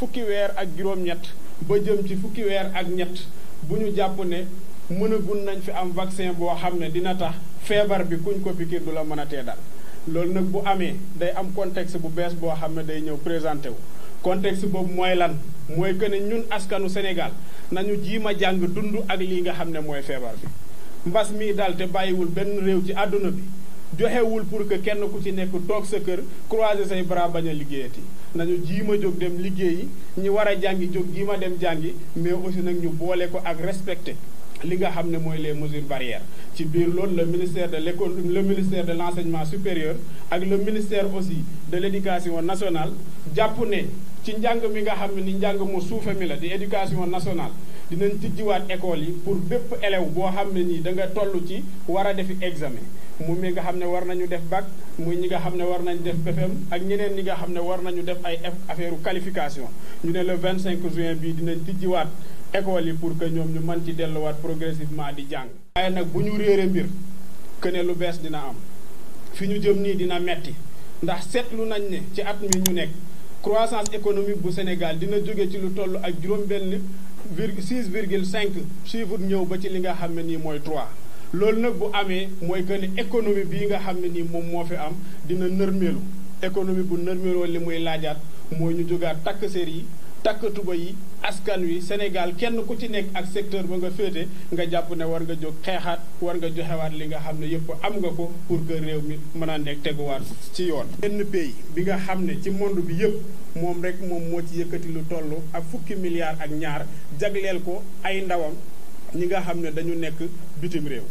fukki weer ak juróom-ñett ba jëm ci fukki weer ak ñett bu ñu jàpp ne mënagun nañ fi am vaccin boo xam ne dina tax feebar bi kuñ ko pikiir du la mën a tee dal loolu nag bu amee day am contexte bu bees boo xam ne day ñëw présenté wu contexte boobu mooy lan mooy que ne ñun askanu Sénégal nañu jiima jàng dund ak lii nga xam ne mooy feebar bi mbas mii daal te bàyyiwul benn réew ci àdduna bi joxewul pour que kenn ku ci nekk toog sa kër croiser say bras bañ a liggéeyati nañu ma jóg dem liggéeyi ñi war a jàngi jóg gii ma dem jàngi mais aussi nag ñu boole ko ak respecte li nga xam ne mooy les mesures barrières ci biir loolu la ministère de l'école le ministère de l'enseignement supérieur ak le ministère aussi de l'éducation nationale jàpp ne ci njàng mi nga xam ne ni njàng mu suufe mi la di éducation nationale dinañ tijjiwaat école yi pour bépp élève boo xam ne nii danga nga toll ci war a defi examen mu mi nga xam ne war nañu def bac muy ñi nga xam ne war nañu def BFEM ak ñeneen ñi nga xam ne war nañu def ay affaire qualification ñu ne vingt cinq juin bii dinañ tijjiwaat école yi pour que ñoom ñu mën ci delluwaat progressivement di jàng. waaye nag bu ñu réere mbir que lu bees dina am fi ñu jëm nii dina metti ndax seetlu nañ ne ci at mi ñu nekk croissance économique bu Sénégal dina jóge ci lu toll ak juróom-benn. virgule six virgule cinq chiffre ñëw ba ci li nga xam ne nii mooy trois loolu nag bu amee mooy que ni économie bii nga xam ne nii moom moo fi am dina nërmeelu économie bu nërmeeloo li muy laajaat moo ñu jógaat takk sér yi takk tuba yi askan wi Sénégal kenn ku ci nekk ak secteur ba nga féete nga jàpp ne war nga jóg xeexaat war nga joxewaat li nga xam ne yëpp am nga ko pour que réew mi mën a nekk teguwaat ci yoon. benn pays bi nga xam ne ci monde bi yëpp moom rek moom moo ci yëkkati lu toll ak fukki milliards ak ñaar jagleel ko ay ndawam ñi nga xam ne dañu nekk bitim réew.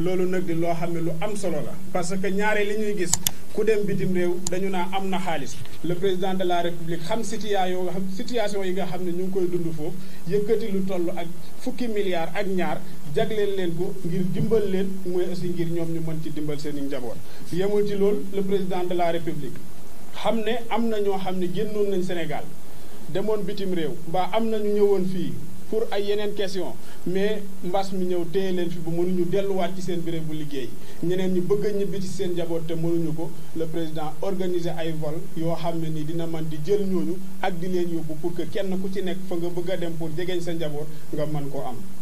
loolu nag di loo xam ne lu am solo la parce que ñaare li ñuy gis. ku dem bitim réew dañu naa am na xaalis le président de la république xam situation nga xam situation yi nga xam ne ñu ngi koy dund foofu yëkkati lu toll ak fukki milliards ak ñaar jagleen leen ko ngir dimbal leen mooy aussi ngir ñoom ñu mën ci dimbal seen i njaboot yemul ci loolu le président de la république xam ne am na ñoo xam ne génnoon nañ Sénégal demoon bitim réew mbaa am na ñu ñëwoon fii pour ay yeneen question mais mbas mi ñëw téye leen fi bu mënuñu delluwaat ci seen béréb bu liggéey ñeneen ñi bëgg a ñibbi ci seen njaboot te mënuñu ko le président organiser ay vol yoo xam ne nii dina man di jël ñooñu ak di leen yóbbu pour que kenn ku ci nekk fa nga bëgg dem pour jegeñ sa njaboot nga mën koo am